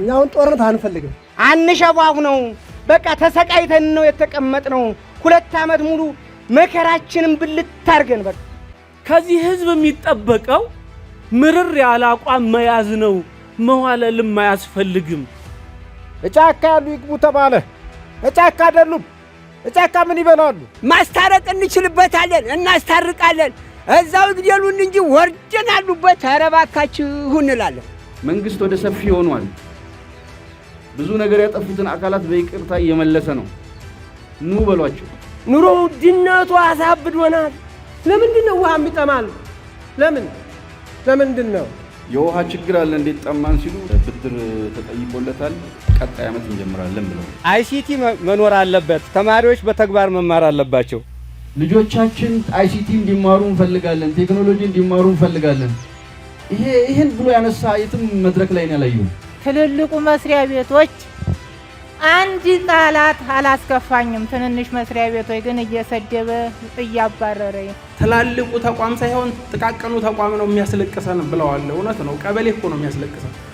እኛ አሁን ጦርነት አንፈልግም። አንሸባሁ ነው በቃ ተሰቃይተን ነው የተቀመጥነው። ሁለት ዓመት ሙሉ መከራችንን ብልት አድርገን በቃ ከዚህ ህዝብ የሚጠበቀው ምርር ያለ አቋም መያዝ ነው። መዋለልም አያስፈልግም። እጫካ ያሉ ይግቡ ተባለ። እጫካ አይደሉም። እጫካ ምን ይበላሉ? ማስታረቅ እንችልበታለን፣ እናስታርቃለን። እዛው ይግደሉን እንጂ ወርደን አሉበት። ኧረ እባካችሁ እንላለን። መንግሥት ወደ ሰፊ ሆኗል። ብዙ ነገር ያጠፉትን አካላት በይቅርታ እየመለሰ ነው። ኑ በሏቸው። ኑሮ ውድነቱ አሳብዶናል። ለምንድን ነው ውሃ የሚጠማል? ለምን ለምንድን ነው የውሃ ችግር አለ እንዴት ጠማን ሲሉ ብድር ተጠይቆለታል። ቀጣይ ዓመት እንጀምራለን ብለው አይሲቲ መኖር አለበት። ተማሪዎች በተግባር መማር አለባቸው። ልጆቻችን አይሲቲ እንዲማሩ እንፈልጋለን። ቴክኖሎጂ እንዲማሩ እንፈልጋለን። ይሄ ይህን ብሎ ያነሳ የትም መድረክ ላይ ነው ያላየሁም። ትልልቁ መስሪያ ቤቶች አንድ ጣላት አላስከፋኝም። ትንንሽ መስሪያ ቤቶች ግን እየሰደበ እያባረረ ትላልቁ ተቋም ሳይሆን ጥቃቅኑ ተቋም ነው የሚያስለቅሰን ብለዋል። እውነት ነው። ቀበሌ እኮ ነው የሚያስለቅሰን።